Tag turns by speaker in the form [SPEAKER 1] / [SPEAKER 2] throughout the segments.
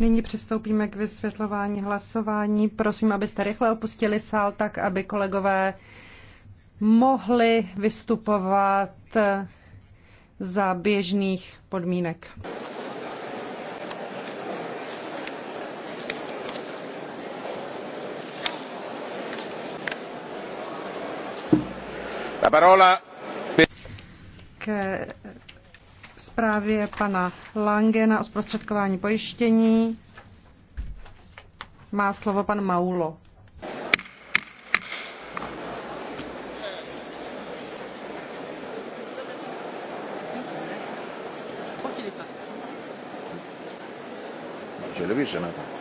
[SPEAKER 1] Nyní přistoupíme k vysvětlování hlasování. Prosím, abyste rychle opustili sál, tak aby kolegové mohli vystupovat za běžných podmínek. La parola zprávě pana Langena o zprostředkování pojištění. Má slovo pan Maulo.
[SPEAKER 2] Je l'ai vu ce matin. No.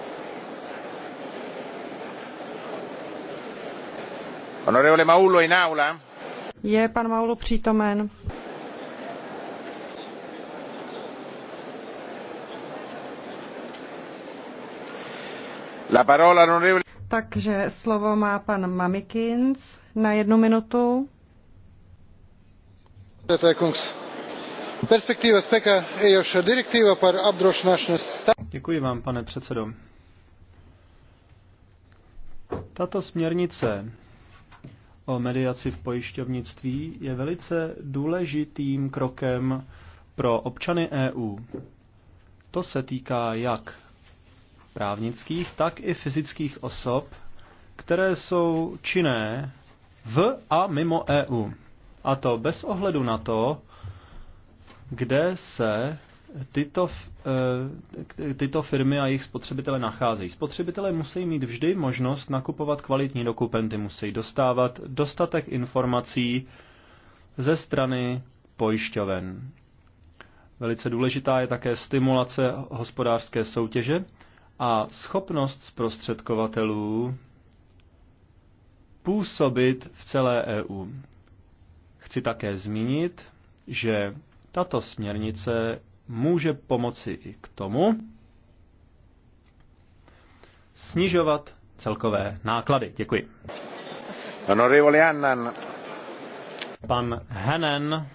[SPEAKER 1] Honorevole Maulo in aula? Je pan Maulo přítomen? La parola onorevole... Takže slovo má pan Mamikins na jednu minutu.
[SPEAKER 3] Perspektiva speka je direktiva par obdrošnačnost. Děkuji vám, pane předsedo. Tato směrnice o mediaci v pojišťovnictví je velice důležitým krokem pro občany EU. To se týká jak právnických, tak i fyzických osob, které jsou činné v a mimo EU. A to bez ohledu na to, kde se tyto, eh, tyto firmy a jejich spotřebitele nacházejí. Spotřebitelé musí mít vždy možnost nakupovat kvalitní dokumenty, musí dostávat dostatek informací ze strany pojišťoven. Velice důležitá je také stimulace hospodářské soutěže a schopnost zprostředkovatelů působit v celé EU. Chci také zmínit, že tato směrnice může pomoci i k tomu snižovat celkové náklady. Děkuji. Annan. Pan Hennen.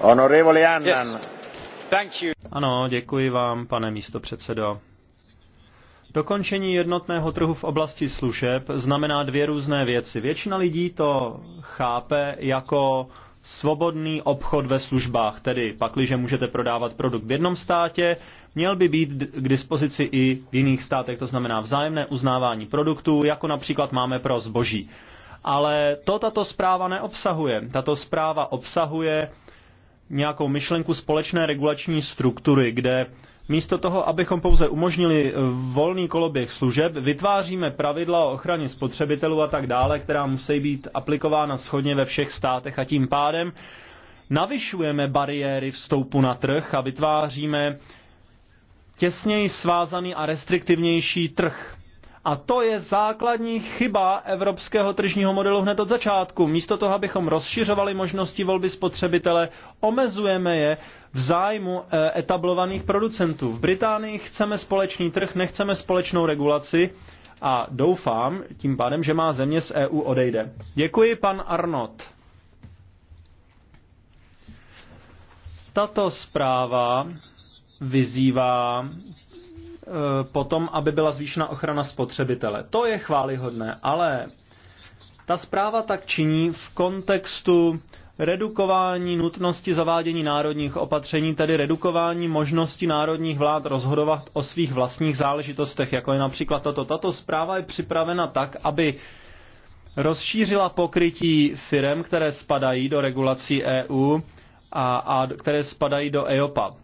[SPEAKER 2] Honorable Annan. Yes.
[SPEAKER 3] Thank you. Ano, děkuji vám, pane místopředsedo. Dokončení jednotného trhu v oblasti služeb znamená dvě různé věci. Většina lidí to chápe jako svobodný obchod ve službách, tedy pakliže můžete prodávat produkt v jednom státě, měl by být k dispozici i v jiných státech, to znamená vzájemné uznávání produktů, jako například máme pro zboží. Ale to tato zpráva neobsahuje. Tato zpráva obsahuje nějakou myšlenku společné regulační struktury, kde místo toho, abychom pouze umožnili volný koloběh služeb, vytváříme pravidla o ochraně spotřebitelů a tak dále, která musí být aplikována shodně ve všech státech a tím pádem navyšujeme bariéry vstoupu na trh a vytváříme těsněji svázaný a restriktivnější trh. A to je základní chyba evropského tržního modelu hned od začátku. Místo toho, abychom rozšiřovali možnosti volby spotřebitele, omezujeme je v zájmu eh, etablovaných producentů. V Británii chceme společný trh, nechceme společnou regulaci a doufám tím pádem, že má země z EU odejde. Děkuji, pan Arnott. Tato zpráva vyzývá Eh, potom, aby byla zvýšena ochrana spotřebitele. To je chválihodné, ale ta zpráva tak činí v kontextu redukování nutnosti zavádění národních opatření, tedy redukování možnosti národních vlád rozhodovat o svých vlastních záležitostech, jako je například toto, Tato zpráva je připravena tak, aby rozšířila pokrytí firm, které spadají do regulací EU a, a které spadají do EOPA.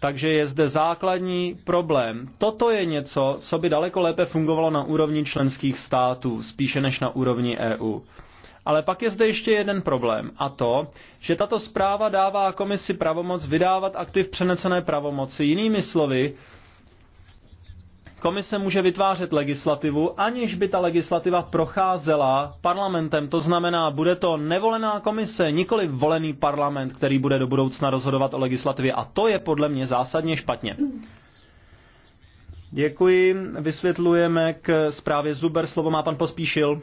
[SPEAKER 3] Takže je zde základní problém. Toto je něco, co by daleko lépe fungovalo na úrovni členských států, spíše než na úrovni EU. Ale pak je zde ještě jeden problém, a to, že tato zpráva dává komisi pravomoc vydávat aktiv přenesené pravomoci. Jinými slovy, Komise může vytvářet legislativu, aniž by ta legislativa procházela parlamentem. To znamená, bude to nevolená komise, nikoli volený parlament, který bude do budoucna rozhodovat o legislativě. A to je podle mě zásadně špatně. Děkuji. Vysvětlujeme k zprávě Zuber. Slovo má pan Pospíšil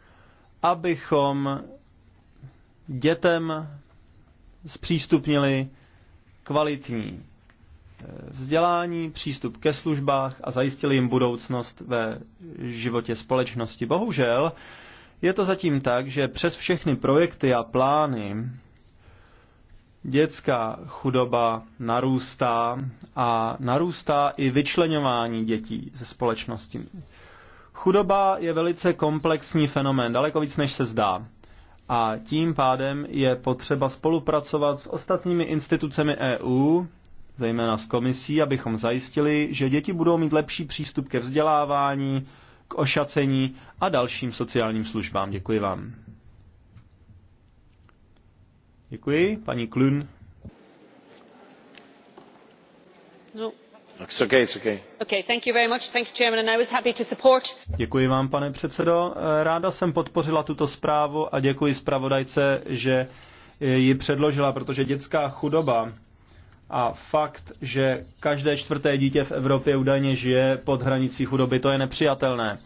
[SPEAKER 3] abychom dětem zpřístupnili kvalitní eh, vzdělání, přístup ke službách a zajistili jim budoucnost ve životě společnosti. Bohužel je to zatím tak, že přes všechny projekty a plány dětská chudoba narůstá a narůstá i vyčlenování dětí ze společnosti. Chudoba je velice komplexní fenomén, daleko víc než se zdá. A tím pádem je potřeba spolupracovat s ostatními institucemi EU, zejména s komisí, abychom zajistili, že děti budou mít lepší přístup ke vzdělávání, k ošacení a dalším sociálním službám. Děkuji vám. Děkuji, paní Klun. No. Děkuji vám, pane předsedo. Eh, ráda jsem podpořila tuto zprávu a děkuji zpravodajce, že eh, ji předložila, protože dětská chudoba a fakt, že každé čtvrté dítě v Evropě údajně žije pod hranicí chudoby, to je nepřijatelné.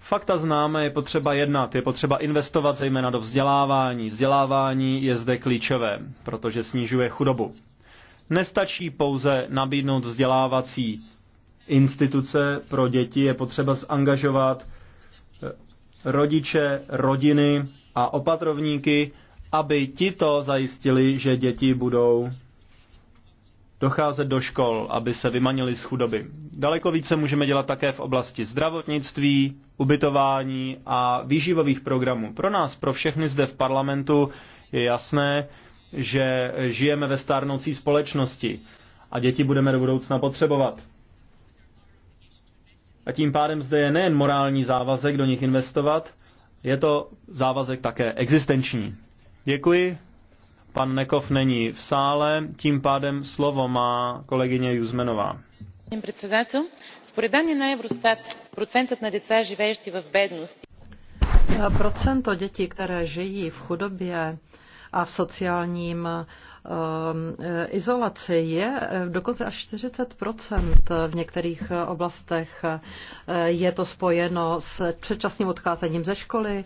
[SPEAKER 3] Fakta známe, je potřeba jednat, je potřeba investovat zejména do vzdělávání. Vzdělávání je zde klíčové, protože snižuje chudobu. Nestačí pouze nabídnout vzdělávací instituce pro děti, je potřeba zangažovat eh, rodiče, rodiny a opatrovníky, aby tito zajistili, že děti budou docházet do škol, aby se vymanili z chudoby. Daleko více můžeme dělat také v oblasti zdravotnictví, ubytování a výživových programů. Pro nás, pro všechny zde v parlamentu je jasné, že žijeme ve stárnoucí společnosti a děti budeme do budoucna potřebovat. A tím pádem zde je nejen morální závazek do nich investovat, je to závazek také existenční. Děkuji. Pan Nekov není v sále, tím pádem slovo má kolegyně Juzmenová.
[SPEAKER 4] Procento dětí, které žijí v chudobě, a v sociálním ehm, eh, izolaci je eh, dokonce až 40 v některých eh, oblastech. Je to spojeno s předčasným odcházením ze školy,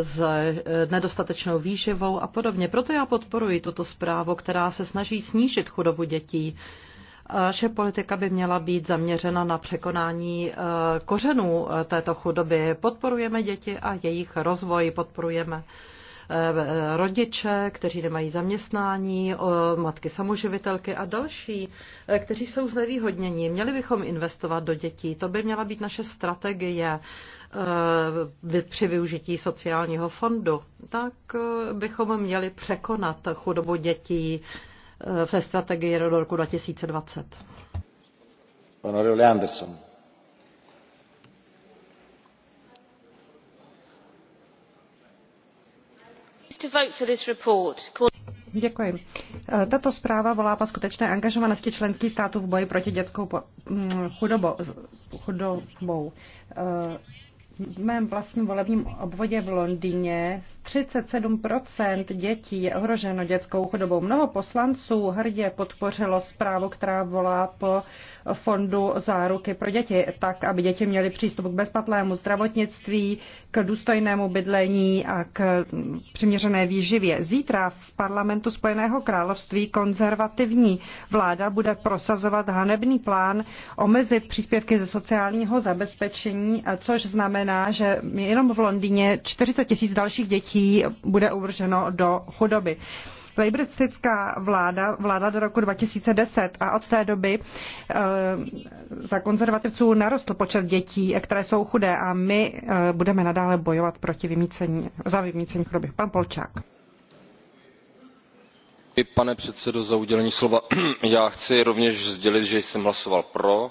[SPEAKER 4] s nedostatečnou výživou a podobně. Proto já podporuji tuto zprávu, která se snaží snížit chudobu dětí. Naše politika by měla být zaměřena na překonání kořenů této chudoby. Podporujeme děti a jejich rozvoj, podporujeme uh, Eh, rodiče, kteří nemají zaměstnání, matky samoživitelky a další, eh, kteří jsou znevýhodnění. Měli bychom investovat do dětí. To by měla být naše strategie eh, při využití sociálního fondu. Tak bychom měli překonat chudobu dětí ve strategii do roku 2020.
[SPEAKER 2] Honorable Anderson.
[SPEAKER 1] Děkuji. E, tato zpráva volá po skutečné angažovanosti členských států v boji proti dětské chudobě v mém vlastním volebním obvodě v Londýně 37% dětí je ohroženo dětskou chudobou. Mnoho poslanců hrdě podpořilo zprávu, která volá po fondu záruky pro děti, tak, aby děti měly přístup k bezplatnému zdravotnictví, k důstojnému bydlení a k přiměřené výživě. Zítra v parlamentu Spojeného království konzervativní vláda bude prosazovat hanebný plán omezit příspěvky ze sociálního zabezpečení, což znamená znamená, že jenom v Londýně 40 tisíc dalších dětí bude uvrženo do chudoby. Lejbristická vláda vládla do roku 2010 a od té doby e, za konzervativců narostl počet dětí, které jsou chudé a my e, budeme nadále bojovat proti vymícení, za vymícení chudoby. Pan Polčák.
[SPEAKER 5] Pane předsedo, za udělení slova. Já chci rovněž sdělit, že jsem hlasoval pro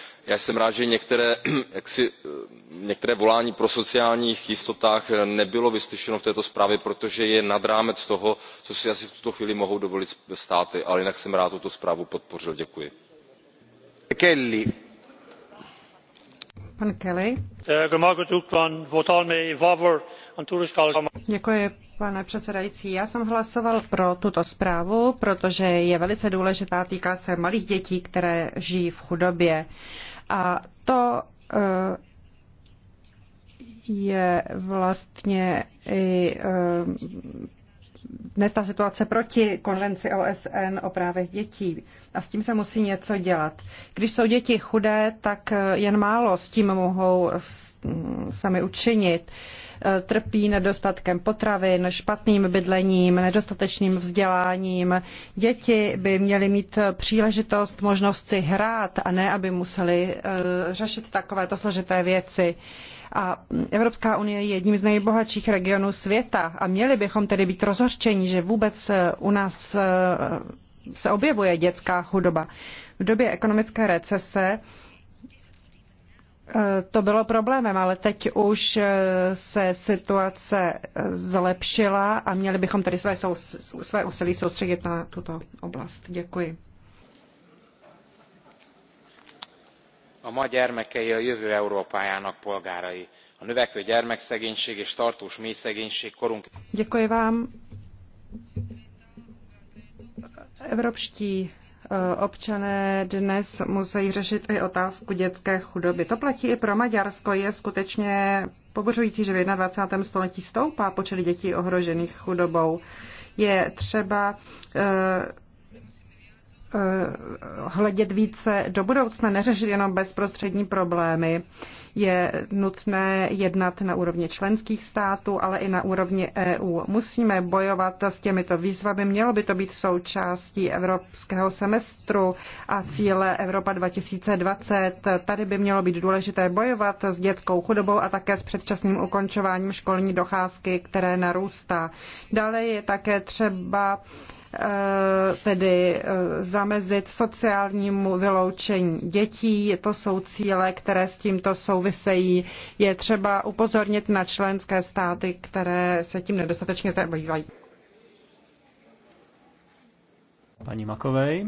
[SPEAKER 5] já jsem rád že některé eh, volání po sociálních jistotách eh, nebylo vyslyšeno v této zprávě protože je nad rámec toho co si asi v tuto chvíli mohou dovolit státy ale jinak jsem rád tuto zprávu podpořil. děkuji.
[SPEAKER 1] pane předsedající já jsem hlasoval pro tuto zprávu protože je velice důležitá týká se malých dětí které žijí v chudobě. A to eh, je vlastně i eh, dnes ta situace proti konvenci OSN o právech dětí a s tím se musí něco dělat. Když jsou děti chudé, tak eh, jen málo s tím mohou mm, sami učinit. Eh, trpí nedostatkem potravin, špatným bydlením, nedostatečným vzděláním. Děti by měly mít příležitost, možnost si hrát a ne, aby museli eh, řešit takovéto složité věci. A Evropská unie je jedním z nejbohatších regionů světa a měli bychom tedy být rozhořčeni, že vůbec eh, u nás se objevuje dětská chudoba. V době ekonomické recese Eh, to bylo problémem, ale teď už eh, se situace eh, zlepšila a měli bychom tedy své, sou, své úsilí soustředit na tuto oblast. Děkuji.
[SPEAKER 5] A ma gyermekei a jövő Európájának polgárai. A növekvő gyermekszegénység és tartós mélyszegénység korunk...
[SPEAKER 1] Děkuji vám. Evropští Eh, občané dnes musí řešit i otázku dětské chudoby. To platí i pro Maďarsko. Je skutečně pobořující, že v 21. století stoupá počet dětí ohrožených chudobou. Je třeba eh, Eh, hledět více do budoucna, neřešit jenom bezprostřední problémy. Je nutné jednat na úrovni členských států, ale i na úrovni EU. Musíme bojovat s těmito výzvami. Mělo by to být součástí evropského semestru a cíle Evropa 2020. Tady by mělo být důležité bojovat s dětskou chudobou a také s předčasným ukončováním školní docházky, které narůstá. Dále je také třeba Eh, tedy eh, zamezit sociálnímu vyloučení dětí. To jsou cíle, které s tímto souvisejí. Je třeba upozornit na členské státy, které se tím nedostatečně zabývají.
[SPEAKER 3] Pani Makovej.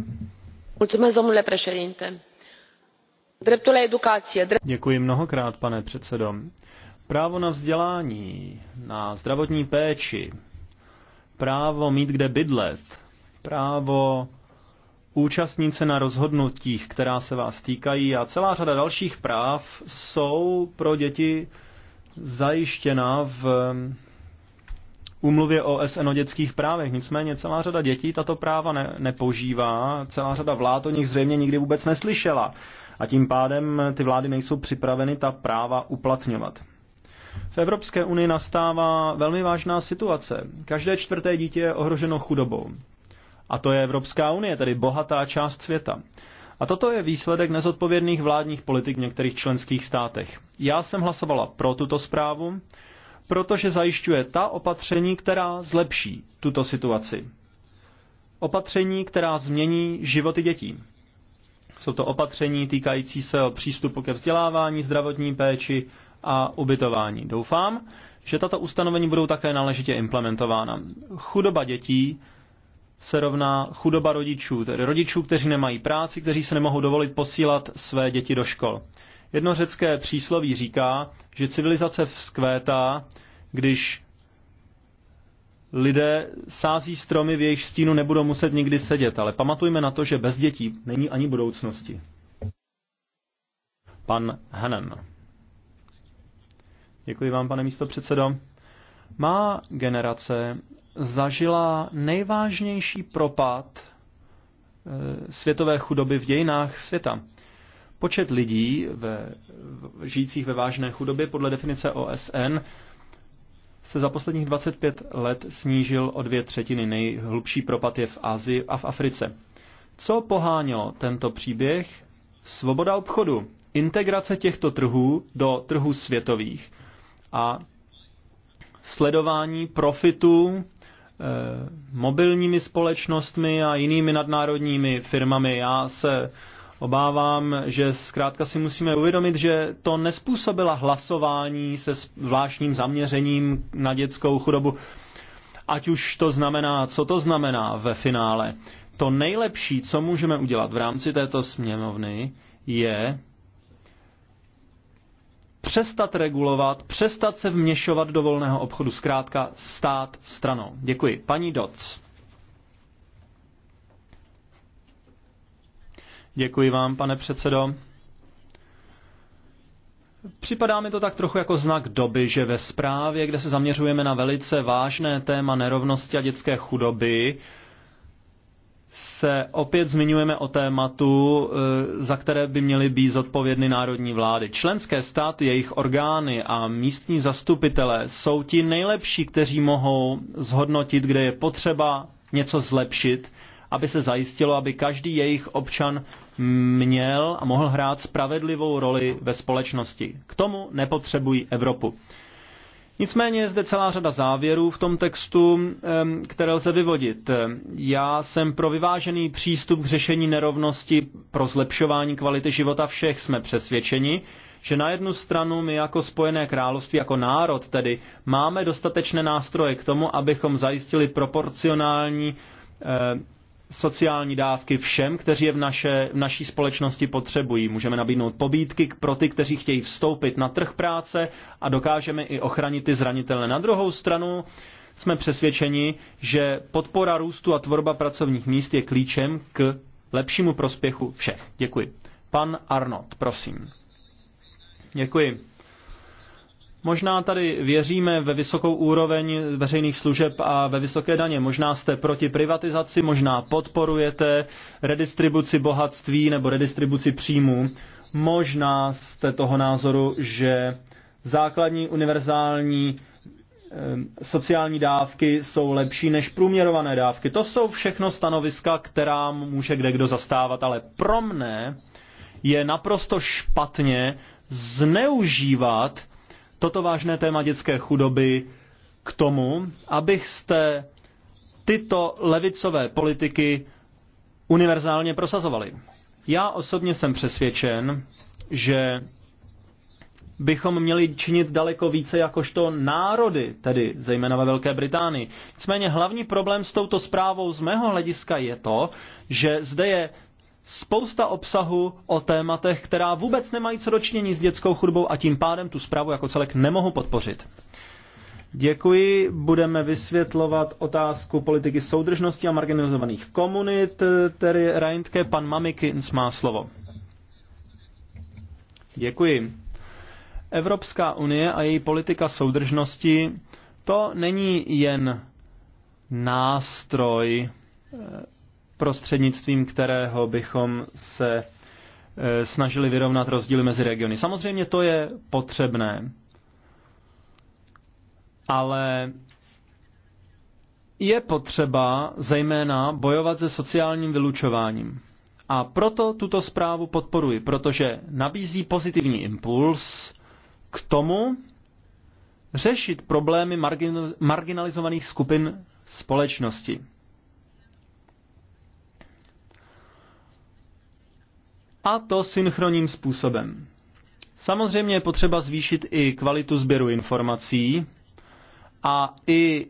[SPEAKER 3] Děkuji mnohokrát, pane předsedo. Právo na vzdělání, na zdravotní péči, právo mít kde bydlet, právo účastnit se na rozhodnutích, která se vás týkají a celá řada dalších práv jsou pro děti zajištěna v um, úmluvě OSN o dětských právech. Nicméně celá řada dětí tato práva ne, nepožívá, celá řada vlád o nich zřejmě nikdy vůbec neslyšela a tím pádem ty vlády nejsou připraveny ta práva uplatňovat. V Evropské unii nastává velmi vážná situace. Každé čtvrté dítě je ohroženo chudobou. A to je Evropská unie, tedy bohatá část světa. A toto je výsledek nezodpovědných vládních politik v některých členských státech. Já jsem hlasovala pro tuto zprávu, protože zajišťuje ta opatření, která zlepší tuto situaci. Opatření, která změní životy dětí. Jsou to opatření týkající se přístupu ke vzdělávání, zdravotní péči a ubytování. Doufám, že tato ustanovení budou také náležitě implementována. Chudoba dětí se rovná chudoba rodičů, tedy rodičů, kteří nemají práci, kteří se nemohou dovolit posílat své děti do škol. Jedno řecké přísloví říká, že civilizace vzkvétá, když lidé sází stromy, v jejich stínu nebudou muset nikdy sedět, ale pamatujme na to, že bez dětí není ani budoucnosti. Pan Hanem. Děkuji vám, pane místo předsedo. Má generace zažila nejvážnější propad eh, světové chudoby v dějinách světa. Počet lidí ve, žijících ve vážné chudobě podle definice OSN se za posledních 25 let snížil o dvě třetiny. Nejhlubší propad je v Asii a v Africe. Co pohánělo tento příběh? Svoboda obchodu, integrace těchto trhů do trhů světových a sledování profitu eh, mobilními společnostmi a jinými nadnárodními firmami. Já se obávám, že zkrátka si musíme uvědomit, že to nespůsobila hlasování se zvláštním zaměřením na dětskou chudobu. Ať už to znamená, co to znamená ve finále. To nejlepší, co můžeme udělat v rámci této směnovny, je přestat regulovat, přestat se vměšovat do volného obchodu, zkrátka stát stranou. Děkuji. Paní Doc. Děkuji vám, pane předsedo. Připadá mi to tak trochu jako znak doby, že ve zprávě, kde se zaměřujeme na velice vážné téma nerovnosti a dětské chudoby, se opět zmiňujeme o tématu, eh, za které by měly být zodpovědny národní vlády. Členské státy, jejich orgány a místní zastupitelé jsou ti nejlepší, kteří mohou zhodnotit, kde je potřeba něco zlepšit, aby se zajistilo, aby každý jejich občan měl a mohl hrát spravedlivou roli ve společnosti. K tomu nepotřebují Evropu. Nicméně je zde celá řada závěrů v tom textu, které lze vyvodit. Já jsem pro vyvážený přístup k řešení nerovnosti pro zlepšování kvality života všech jsme přesvědčeni, že na jednu stranu my jako Spojené království, jako národ tedy, máme dostatečné nástroje k tomu, abychom zajistili proporcionální sociální dávky všem, kteří je v, naše, v naší společnosti potřebují. Můžeme nabídnout pobídky pro ty, kteří chtějí vstoupit na trh práce a dokážeme i ochránit ty zranitelné. Na druhou stranu jsme přesvědčeni, že podpora růstu a tvorba pracovních míst je klíčem k lepšímu prospěchu všech. Děkuji. Pan Arnold, prosím. Děkuji. Možná tady věříme ve vysokou úroveň veřejných služeb a ve vysoké daně. Možná jste proti privatizaci, možná podporujete redistribuci bohatství nebo redistribuci příjmů. Možná jste toho názoru, že základní univerzální sociální dávky jsou lepší než průměrované dávky. To jsou všechno stanoviska, která může kde kdo zastávat, ale pro mne je naprosto špatně zneužívat toto vážné téma dětské chudoby k tomu, abyste tyto levicové politiky univerzálně prosazovali. Já osobně jsem přesvědčen, že bychom měli činit daleko více jakožto národy, tedy zejména ve Velké Británii. Nicméně hlavní problém s touto zprávou z mého hlediska je to, že zde je spousta obsahu o tématech, která vůbec nemají co dočinění s dětskou chudbou a tím pádem tu zprávu jako celek nemohu podpořit. Děkuji. Budeme vysvětlovat otázku politiky soudržnosti a marginalizovaných komunit. Tedy Reintke, pan Mamikins má slovo. Děkuji. Evropská unie a její politika soudržnosti to není jen nástroj prostřednictvím kterého bychom se e, snažili vyrovnat rozdíly mezi regiony. Samozřejmě to je potřebné, ale je potřeba zejména bojovat se sociálním vylučováním. A proto tuto zprávu podporuji, protože nabízí pozitivní impuls k tomu řešit problémy marginalizovaných skupin společnosti. a to synchronním způsobem. Samozřejmě je potřeba zvýšit i kvalitu sběru informací a i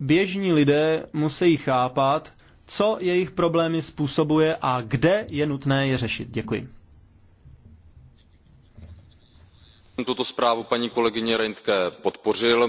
[SPEAKER 3] běžní lidé musí chápat, co jejich problémy způsobuje a kde je nutné je řešit. Děkuji.
[SPEAKER 5] Tuto zprávu paní kolegyně Reintke podpořil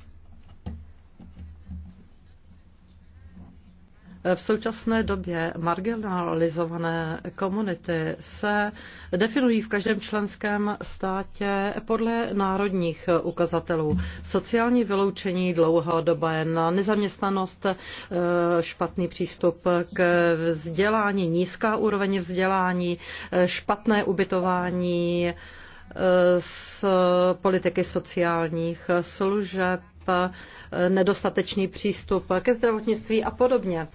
[SPEAKER 4] V současné době marginalizované komunity se definují v každém členském státě podle národních ukazatelů. Sociální vyloučení, dlouhodobé nezaměstnanost, eh, špatný přístup k vzdělání, nízká úroveň vzdělání, eh, špatné ubytování, z eh, politiky sociálních služeb, nedostatečný přístup ke zdravotnictví a podobně.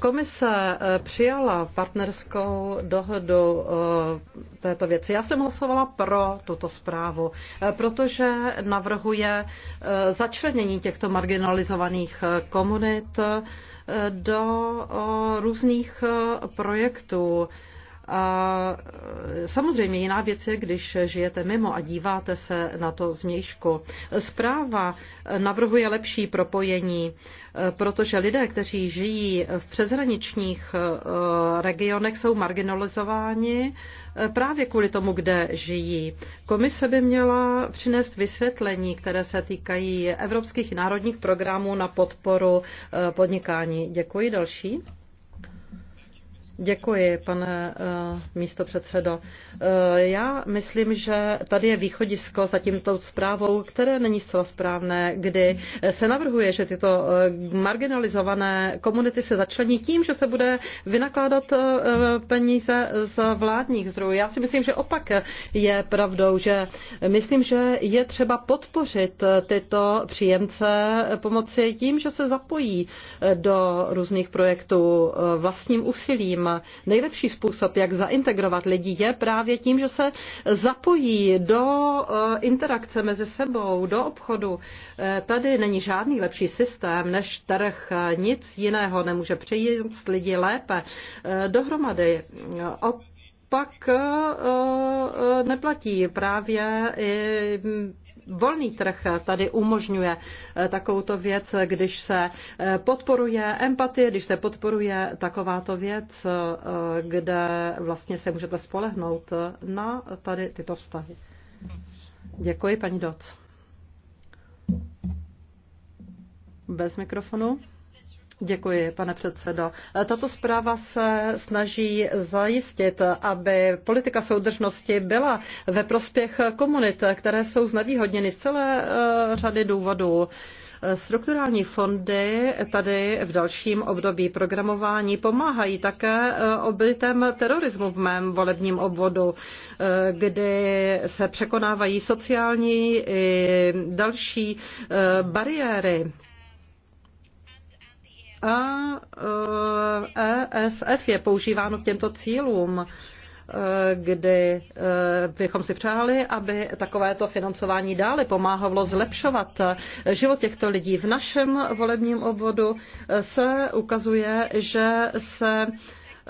[SPEAKER 4] Komise eh, přijala partnerskou dohodu eh, této věci. Já jsem hlasovala pro tuto zprávu, eh, protože navrhuje začlenění těchto marginalizovaných komunit do různých projektů a e, samozřejmě jiná věc je, když žijete mimo a díváte se na to změjško. Zpráva e, navrhuje lepší propojení, e, protože lidé, kteří žijí v přeshraničních regionech, jsou marginalizováni právě kvůli tomu, kde žijí. Komise by měla přinést vysvětlení, které se týkají evropských národních programů na podporu podnikání. Děkuji. Další. Děkuji, pane eh, místo Uh, eh, Já myslím, že tady je východisko za tímto zprávou, které není zcela správné, kdy se navrhuje, že tyto eh, marginalizované komunity se začlení tím, že se bude vynakládat peníze z vládních zdrojů. Já si myslím, že opak je pravdou, že myslím, že je třeba podpořit tyto příjemce pomoci tím, že se zapojí do různých projektů vlastním úsilím lidem. Nejlepší způsob, jak zaintegrovat lidi, je právě tím, že se zapojí do eh, interakce mezi sebou, do obchodu. Eh, tady není žádný lepší systém než trh. Nic jiného nemůže přijít lidi lépe eh, dohromady. Opak neplatí právě volný trh tady umožňuje eh, takovouto věc, když se eh, podporuje empatie, když se podporuje takováto věc, eh, kde vlastně se můžete spolehnout na tady tyto vztahy. Děkuji, paní Doc. Bez mikrofonu. Děkuji, pane předsedo. Tato zpráva se snaží zajistit, aby politika soudržnosti byla ve prospěch komunit, které jsou znevýhodněny z celé eh, řady důvodů. Strukturální fondy tady v dalším období programování pomáhají také eh, obytem terorismu v mém volebním obvodu, eh, kdy se překonávají sociální i další bariéry a ESF e je používáno k těmto cílům e, kdy e, bychom si přáli, aby takovéto financování dále pomáhalo zlepšovat život těchto lidí. V našem volebním obvodu se ukazuje, že se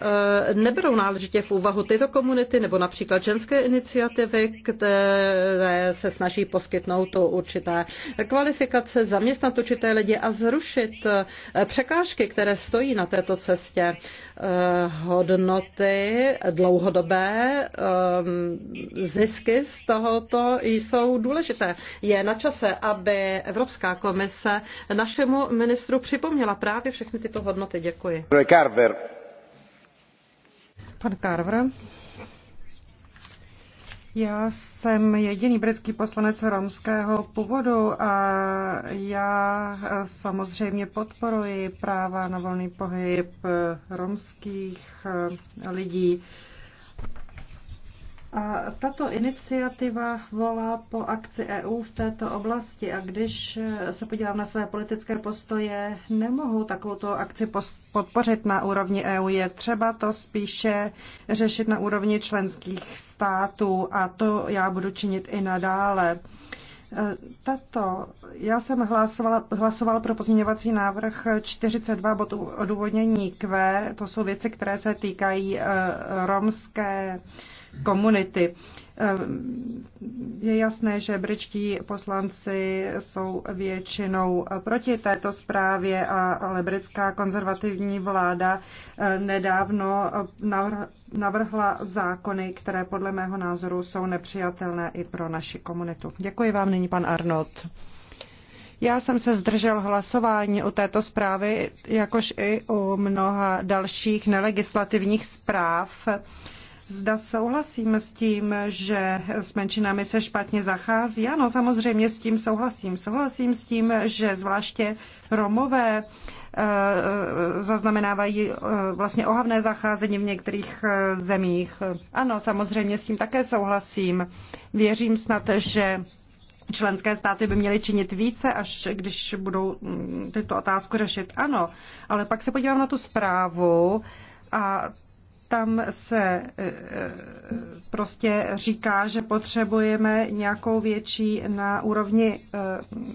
[SPEAKER 4] Eh, neberou náležitě v úvahu tyto komunity nebo například ženské iniciativy, které se snaží poskytnout to určité kvalifikace, zaměstnat určité lidi a zrušit eh, překážky, které stojí na této cestě. Eh, hodnoty dlouhodobé, zisky z tohoto jsou důležité. Je na čase, aby Evropská komise našemu ministru připomněla právě všechny tyto hodnoty. Děkuji. Carver. Pan Carver.
[SPEAKER 1] Já jsem jediný britský poslanec romského původu a já samozřejmě podporuji práva na volný pohyb romských lidí. A tato iniciativa volá po akci EU v této oblasti a když se podívám na své politické postoje, nemohu takovou akci podpořit na úrovni EU. Je třeba to spíše řešit na úrovni členských států a to já budu činit i nadále. E, tato, já jsem hlasovala, hlasovala pro pozměňovací návrh 42 bod odůvodnění Q. To jsou věci, které se týkají e, romské komunity. Ehm, je jasné, že britští poslanci jsou většinou proti této zprávě, ale britská konzervativní vláda ehm, nedávno navrhla zákony, které podle mého názoru jsou nepřijatelné i pro naši komunitu. Děkuji vám nyní, pan Arnold. Já jsem se zdržel hlasování o této zprávy, jakož i u mnoha dalších nelegislativních zpráv Zda souhlasím s tím, že s menšinami se špatně zachází? Ano, samozřejmě s tím souhlasím. Souhlasím s tím, že zvláště Romové eh, zaznamenávají eh, vlastně ohavné zacházení v některých eh, zemích. Ano, samozřejmě s tím také souhlasím. Věřím snad, že členské státy by měly činit více, až když budou mm, tyto otázku řešit. Ano, ale pak se podívám na tu zprávu a tam se e, e, prostě říká, že potřebujeme nějakou větší na úrovni, e,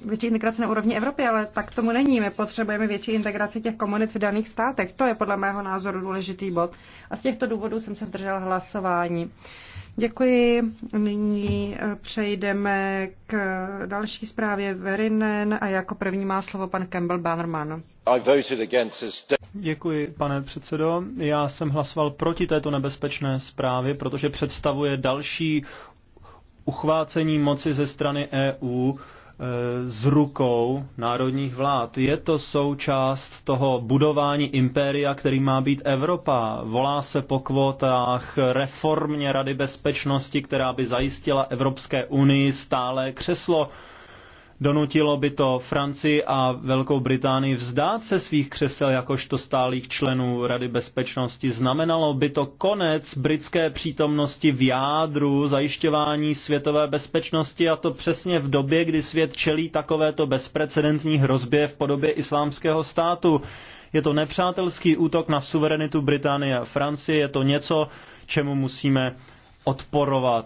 [SPEAKER 1] větší integraci na úrovni Evropy, ale tak tomu není. My potřebujeme větší integraci těch komunit v daných státech. To je podle mého názoru důležitý bod. A z těchto důvodů jsem se zdržel hlasování. Děkuji. Nyní eh, přejdeme k další zprávě Verinen a jako první má slovo pan Campbell
[SPEAKER 3] Bannerman. Děkuji, pane předsedo. Já jsem hlasoval proti této nebezpečné zprávě, protože představuje další uchvácení moci ze strany EU Eh, z rukou národních vlád. Je to součást toho budování impéria, který má být Evropa. Volá se po kvotách reformně Rady bezpečnosti, která by zajistila Evropské unii stále křeslo Donutilo by to Francii a Velkou Británii vzdát se svých křesel jakožto stálých členů Rady bezpečnosti. Znamenalo by to konec britské přítomnosti v jádru zajišťování světové bezpečnosti a to přesně v době, kdy svět čelí takovéto bezprecedentní hrozbě v podobě islámského státu. Je to nepřátelský útok na suverenitu Británie a Francie, je to něco, čemu musíme odporovat.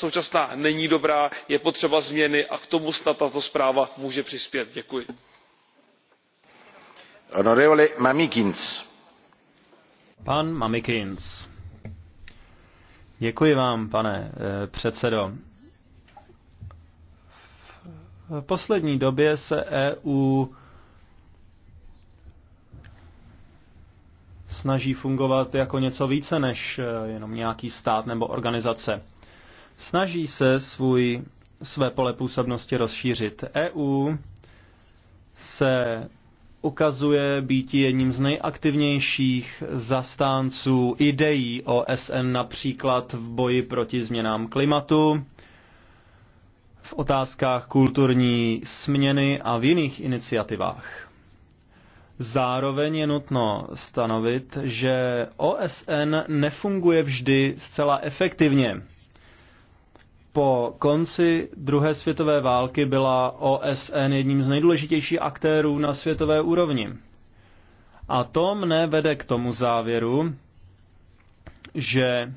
[SPEAKER 6] současná není dobrá je potřeba změny a k tomu snad tato zpráva může přispět. děkuji.
[SPEAKER 3] Děkuji vám, pane eh, předsedo. V poslední době se EU snaží fungovat jako něco více než eh, jenom nějaký stát nebo organizace. Snaží se svůj, své pole působnosti rozšířit. EU se ukazuje být jedním z nejaktivnějších zastánců ideí OSN například v boji proti změnám klimatu, v otázkách kulturní směny a v jiných iniciativách. Zároveň je nutno stanovit, že OSN nefunguje vždy zcela efektivně po konci druhé světové války byla OSN jedním z nejdůležitějších aktérů na světové úrovni. A to mne vede k tomu závěru, že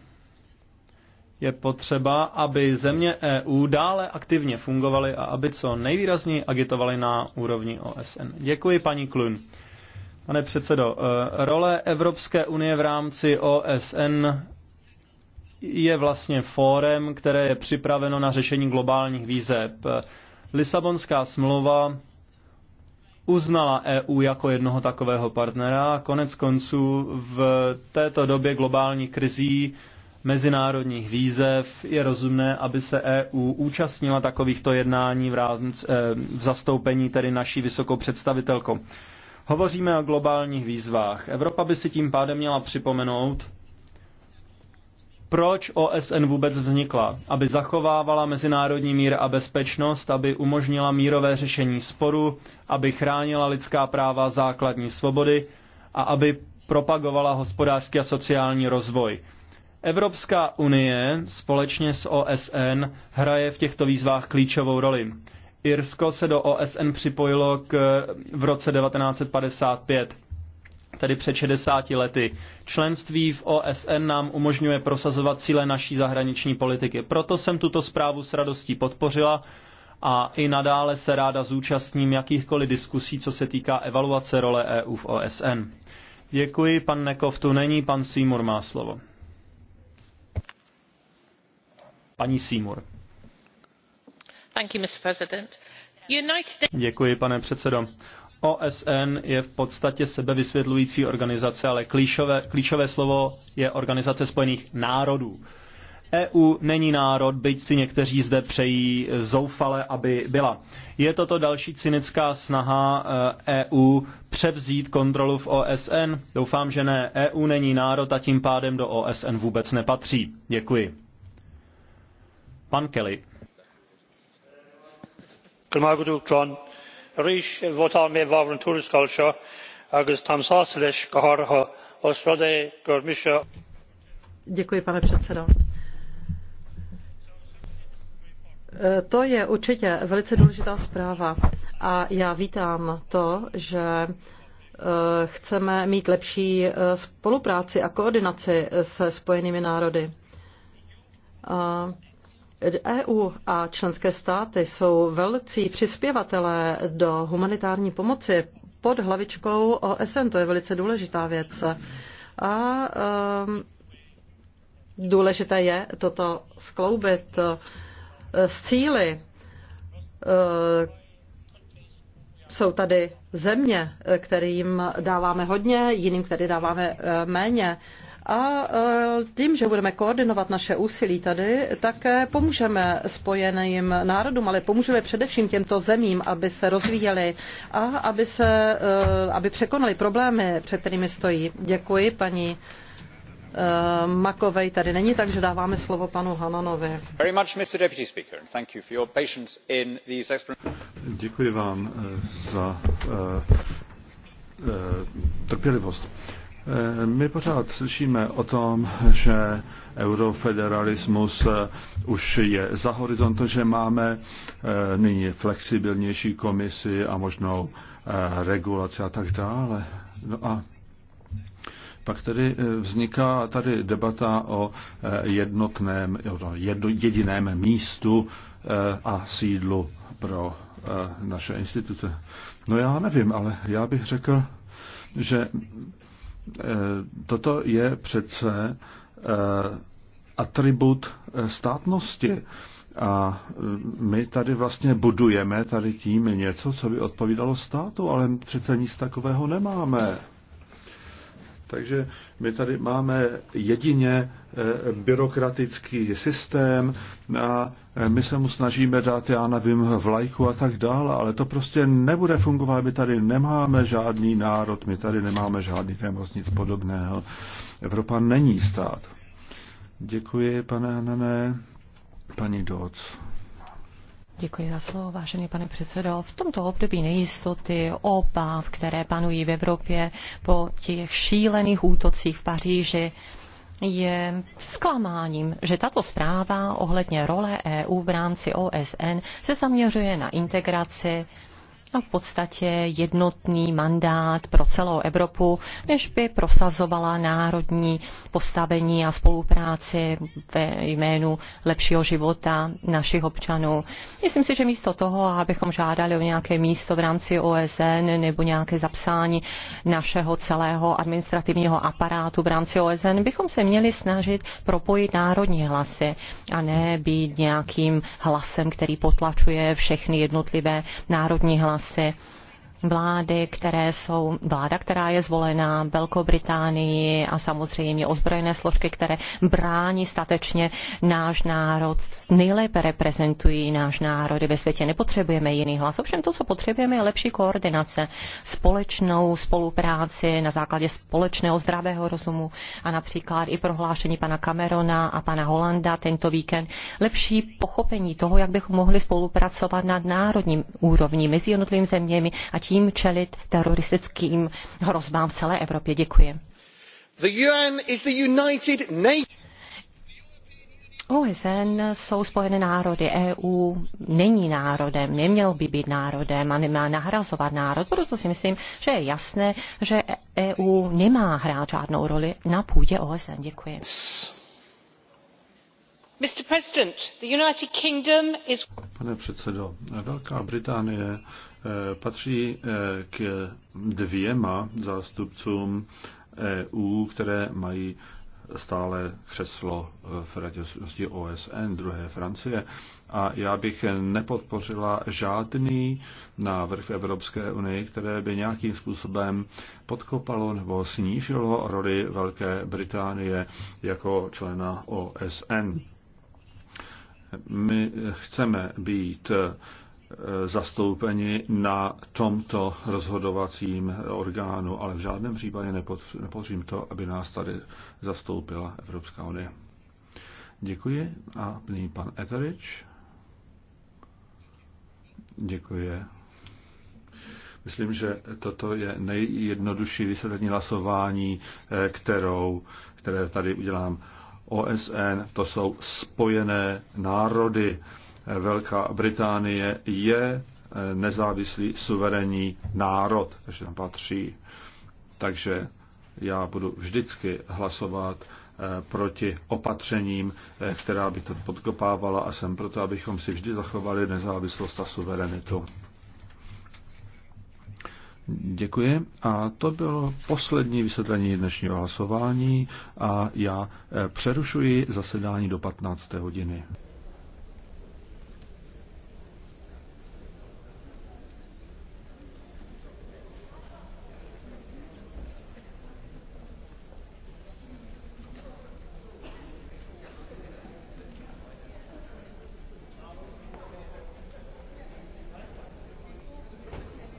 [SPEAKER 3] je potřeba, aby země EU dále aktivně fungovaly a aby co nejvýrazněji agitovaly na úrovni OSN. Děkuji, paní Klun. Pane předsedo, eh, role Evropské unie v rámci OSN je vlastně fórem, které je připraveno na řešení globálních výzeb. Lisabonská smlouva uznala EU jako jednoho takového partnera. Konec konců v této době globální krizí mezinárodních výzev je rozumné, aby se EU účastnila takovýchto jednání v, rámc, eh, v zastoupení tedy naší vysokou představitelkou. Hovoříme o globálních výzvách. Evropa by si tím pádem měla připomenout, proč OSN vůbec vznikla. Aby zachovávala mezinárodní mír a bezpečnost, aby umožnila mírové řešení sporu, aby chránila lidská práva, základní svobody a aby propagovala hospodářský a sociální rozvoj. Evropská unie společně s OSN hraje v těchto výzvách klíčovou roli. Irsko se do OSN připojilo k, v roce 1955 tedy před 60 lety. Členství v OSN nám umožňuje prosazovat cíle naší zahraniční politiky. Proto jsem tuto zprávu s radostí podpořila a i nadále se ráda zúčastním jakýchkoliv diskusí, co se týká evaluace role EU v OSN. Děkuji, pan Nekov tu není, pan Seymour má slovo. Paní Seymour. Děkuji, pane předsedo. OSN je v podstatě sebevysvětlující organizace, ale klíčové, klíčové slovo je Organizace spojených národů. EU není národ, byť si někteří zde přejí zoufale, aby byla. Je toto další cynická snaha EU eh, e převzít kontrolu v OSN? Doufám, že ne. EU není národ a tím pádem do OSN vůbec nepatří. Děkuji. Pan Kelly arís vótá mé bhabhar
[SPEAKER 2] an tuarascáil seo agus táim sásta leis go háirithe os rud é gur mbinse.
[SPEAKER 4] Děkuji, e, To je určitě velice důležitá zpráva a já vítám to, že e, chceme mít lepší e, spolupráci a koordinaci se spojenými národy. EU a členské státy jsou velcí přispěvatelé do humanitární pomoci pod hlavičkou OSN. To je velice důležitá věc. A um, důležité je toto skloubit uh, s cíly. Uh, jsou tady země, kterým dáváme hodně, jiným, který dáváme uh, méně. A eh, tím, že budeme koordinovat naše úsilí tady, také pomůžeme spojeným národům, ale pomůžeme především těmto zemím, aby se rozvíjely a aby, se, eh, aby překonali problémy, před kterými stojí. Děkuji paní eh, Makovej tady není, takže dáváme slovo panu Hananovi.
[SPEAKER 2] Děkuji vám za trpělivost. My pořád slyšíme o tom, že eurofederalismus eh, už je za horizontem, že máme eh, nyní flexibilnější komisi a možnou eh, regulaci a tak dále. No a pak tedy vzniká tady debata o jednotném, jedno, jediném místu a sídlu pro naše instituce. No já nevím, ale já bych řekl, že Eh, toto je přece eh, atribut eh, státnosti. A my tady vlastně budujeme tady tím něco, co by odpovídalo státu, ale přece nic takového nemáme. Takže my tady máme jedině byrokratický systém a Eh, my se mu snažíme dát, já nevím, vlajku a tak dále, ale to prostě nebude fungovat. My tady nemáme žádný národ, my tady nemáme žádný nemoc, nic podobného. Evropa není stát. Děkuji, pane Hanené. Paní Doc.
[SPEAKER 7] Děkuji za slovo, vážený pane předsedo. V tomto období nejistoty, obav, které panují v Evropě po těch šílených útocích v Paříži, je zklamáním, že tato zpráva ohledně role EU v rámci OSN se zaměřuje na integraci a v podstatě jednotný mandát pro celou Evropu, než by prosazovala národní postavení a spolupráci ve jménu lepšího života našich občanů. Myslím si, že místo toho, abychom žádali o nějaké místo v rámci OSN nebo nějaké zapsání našeho celého administrativního aparátu v rámci OSN, bychom se měli snažit propojit národní hlasy a ne být nějakým hlasem, který potlačuje všechny jednotlivé národní hlasy asi vlády, které jsou, vláda, která je zvolená Velkou Británii a samozřejmě ozbrojené složky, které brání statečně náš národ, nejlépe reprezentují náš národ. Ve světě nepotřebujeme jiný hlas. Ovšem to, co potřebujeme, je lepší koordinace, společnou spolupráci na základě společného zdravého rozumu a například i prohlášení pana Camerona a pana Holanda tento víkend, lepší pochopení toho, jak bychom mohli spolupracovat nad národním úrovní mezi jednotlivými zeměmi a tím tím čelit teroristickým hrozbám v celé Evropě. Děkuji. The UN is the United Nations. OSN jsou spojené národy, EU není národem, neměl by být národem a nemá nahrazovat národ, proto si myslím, že je jasné, že EU nemá hrát žádnou roli na půdě OSN. Děkuji.
[SPEAKER 2] Pane předsedo, Velká Británie eh, patří eh, k dvěma zástupcům EU, které mají stále křeslo v radě OSN, druhé Francie. A já bych nepodpořila žádný návrh v Evropské unii, které by nějakým způsobem podkopalo nebo snížilo roli Velké Británie jako člena OSN. My chceme být eh, zastoupeni na tomto rozhodovacím orgánu, ale v žádném případě nepotřím to, aby nás tady zastoupila Evropská unie. Děkuji a nyní pan Eterič. Děkuji. Myslím, že toto je nejjednodušší vysvětlení hlasování, eh, kterou, které tady udělám. OSN, to jsou spojené národy. Velká Británie je eh, nezávislý suverénní národ, takže tam patří. Takže já budu vždycky hlasovat eh, proti opatřením, eh, která by to podkopávala a jsem proto, abychom si vždy zachovali nezávislost a suverenitu. Děkuji. A to bylo poslední vysvětlení dnešního hlasování a já eh, přerušuji zasedání do 15. hodiny.